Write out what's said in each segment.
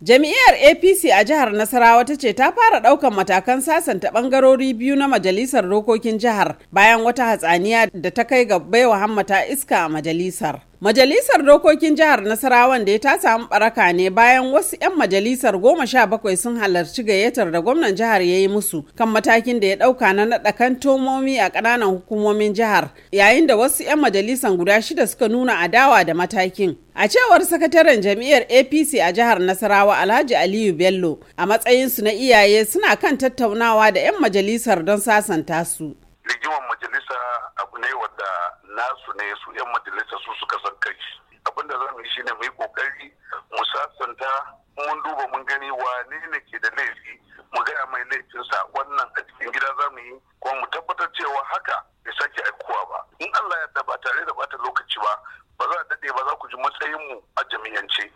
Jami'iyar APC a jihar Nasarawa ta ce ta fara ɗaukan matakan sasanta ɓangarori biyu na majalisar dokokin jihar bayan wata hatsaniya da ta kai ga baiwa hammata iska a majalisar. Majalisar Dokokin Jihar Nasarawan da ta samu baraka ne bayan wasu 'yan majalisar goma sha bakwai sun halarci gayyatar da gwamnan jihar ya yi musu kan matakin da ya ɗauka na naɗa kan tomomi a ƙananan hukumomin jihar yayin da wasu 'yan majalisar guda shida suka nuna adawa da matakin. A cewar sakataren jam'iyyar APC a jihar Nasarawa Alhaji Aliyu Bello a matsayinsu na iyaye suna kan tattaunawa da 'yan majalisar don sasanta su. majalisa abu ne wadda nasu ne su 'yan majalisa su suka san kai abin da zamu yi shine mu yi kokari mu sasanta mun duba mun gani wane ne ke da laifi mu gaya mai laifinsa wannan a cikin gida zamu yi kuma mu tabbatar cewa haka bai sake aikowa ba in Allah ya ba tare da bata lokaci ba ba za a daɗe ba za ku ji matsayin mu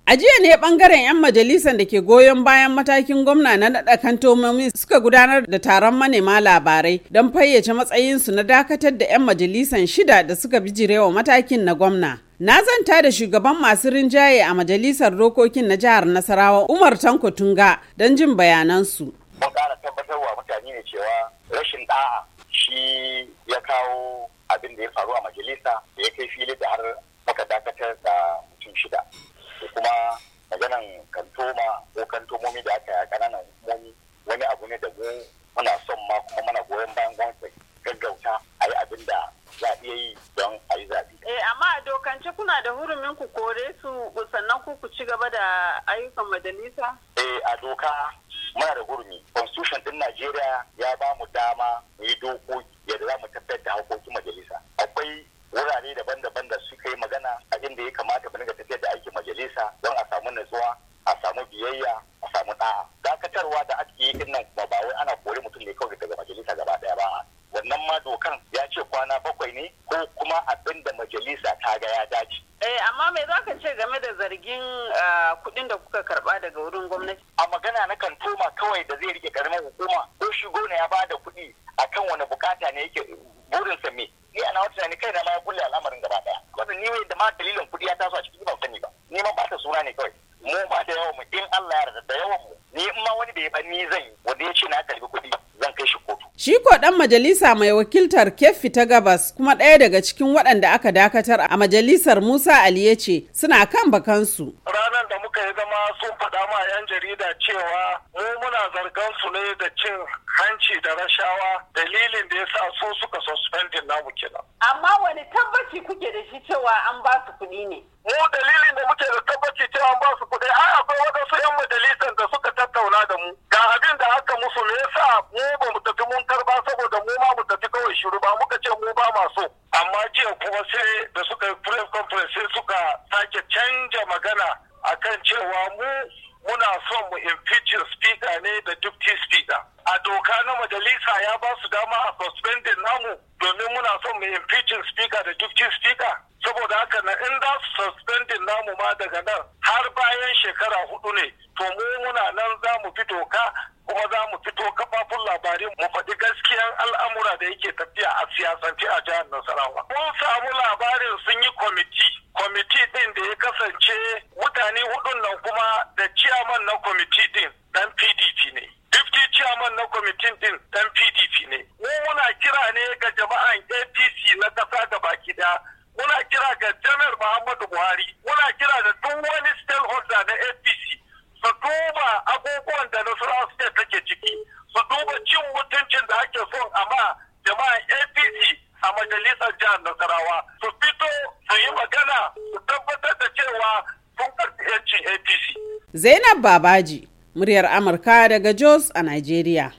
A jiya ne bangaren 'yan majalisar da ke goyon bayan matakin gwamna na naɗa kantomomi suka gudanar da taron manema labarai don fayyace matsayinsu na dakatar da 'yan majalisar shida da suka bijirewa matakin na gwamna. Na zanta da shugaban masu rinjaye a majalisar dokokin na jihar Nasarawa Umar Tanko Tunga don jin bayanansu. Mun ƙara tabbatarwa mutane ne cewa rashin ɗa'a shi ya kawo abin da ya faru a majalisa da ya kai fili da har maganan kantoma ko kantomomi da aka yi kananan hukumomi wani abu ne da mu muna son ma kuma muna goyon bayan gwamnati gaggauta a yi abin da za a iya yi don a yi zaɓe. Eh amma a dokance kuna da hurumin ku kore su sannan ku ku ci gaba da ayyukan majalisa? Eh a doka muna da hurumi. Constitution ɗin Najeriya ya ba mu dama mu yi dokoki yadda za mu tabbatar da hakokin majalisa. abin da majalisa ta ga ya dace. Eh, amma me za ka ce game da zargin ah, kuɗin da kuka karba daga wurin gwamnati? A magana na kan toma kawai da zai rike karamin hukuma ko shigo na ya bada kuɗi akan wani bukata ne yake sa me. Ni ana wata tunani kai na ma ya kulle al'amarin gaba ɗaya. Wannan ni da ma dalilin kuɗi ya taso a cikin ban sani ba. Ni ma ba ta suna ne kawai. Mu ba da yawan mu in Allah ya yarda da yawan mu. Ni in ma wani ya ba ni zan yi wanda ya ce na karbi kuɗi. Shi ko ɗan majalisa mai wakiltar Keffi ta Gabas kuma ɗaya daga cikin waɗanda aka dakatar a majalisar Musa Ali ya ce suna kan bakansu. Ranar da muka yi zama sun faɗa ma 'yan jarida cewa mu muna zargan su ne da cin hanci da rashawa dalilin da ya sa su suka suspendin namu kenan. Amma wani tabbaci kuke da shi cewa an ba su kuɗi ne? Mu dalilin da muke da shiru ba muka ce mu ba masu amma jiya kuma sai da suka yi press conference sai suka sake canja magana akan cewa mu muna son mu impeaching speaker ne da deputy speaker a doka na majalisa ya ba su dama a suspending namu domin muna son mu impeaching speaker da deputy speaker saboda haka na in za su suspending namu ma daga nan har bayan shekara hudu ne to mu muna nan za mu fi doka kasance a jihar Nasarawa. Mun samu labarin sun yi kwamiti, kwamiti din da ya kasance mutane hudun nan kuma da ciyaman na kwamiti din dan PDP ne. Difti ciyaman na kwamitin din dan PDP ne. Mu muna kira ne ga jama'an APC na kasa da baki ɗaya Muna kira ga Janar Muhammadu Buhari. Muna kira da duk wani stakeholder na APC. Su duba abubuwan da Nasarawa State take ciki. turawa su fito su yi magana su tabbatar da cewa sun karfi yancin apc zainab babaji muryar amurka daga jos a nigeria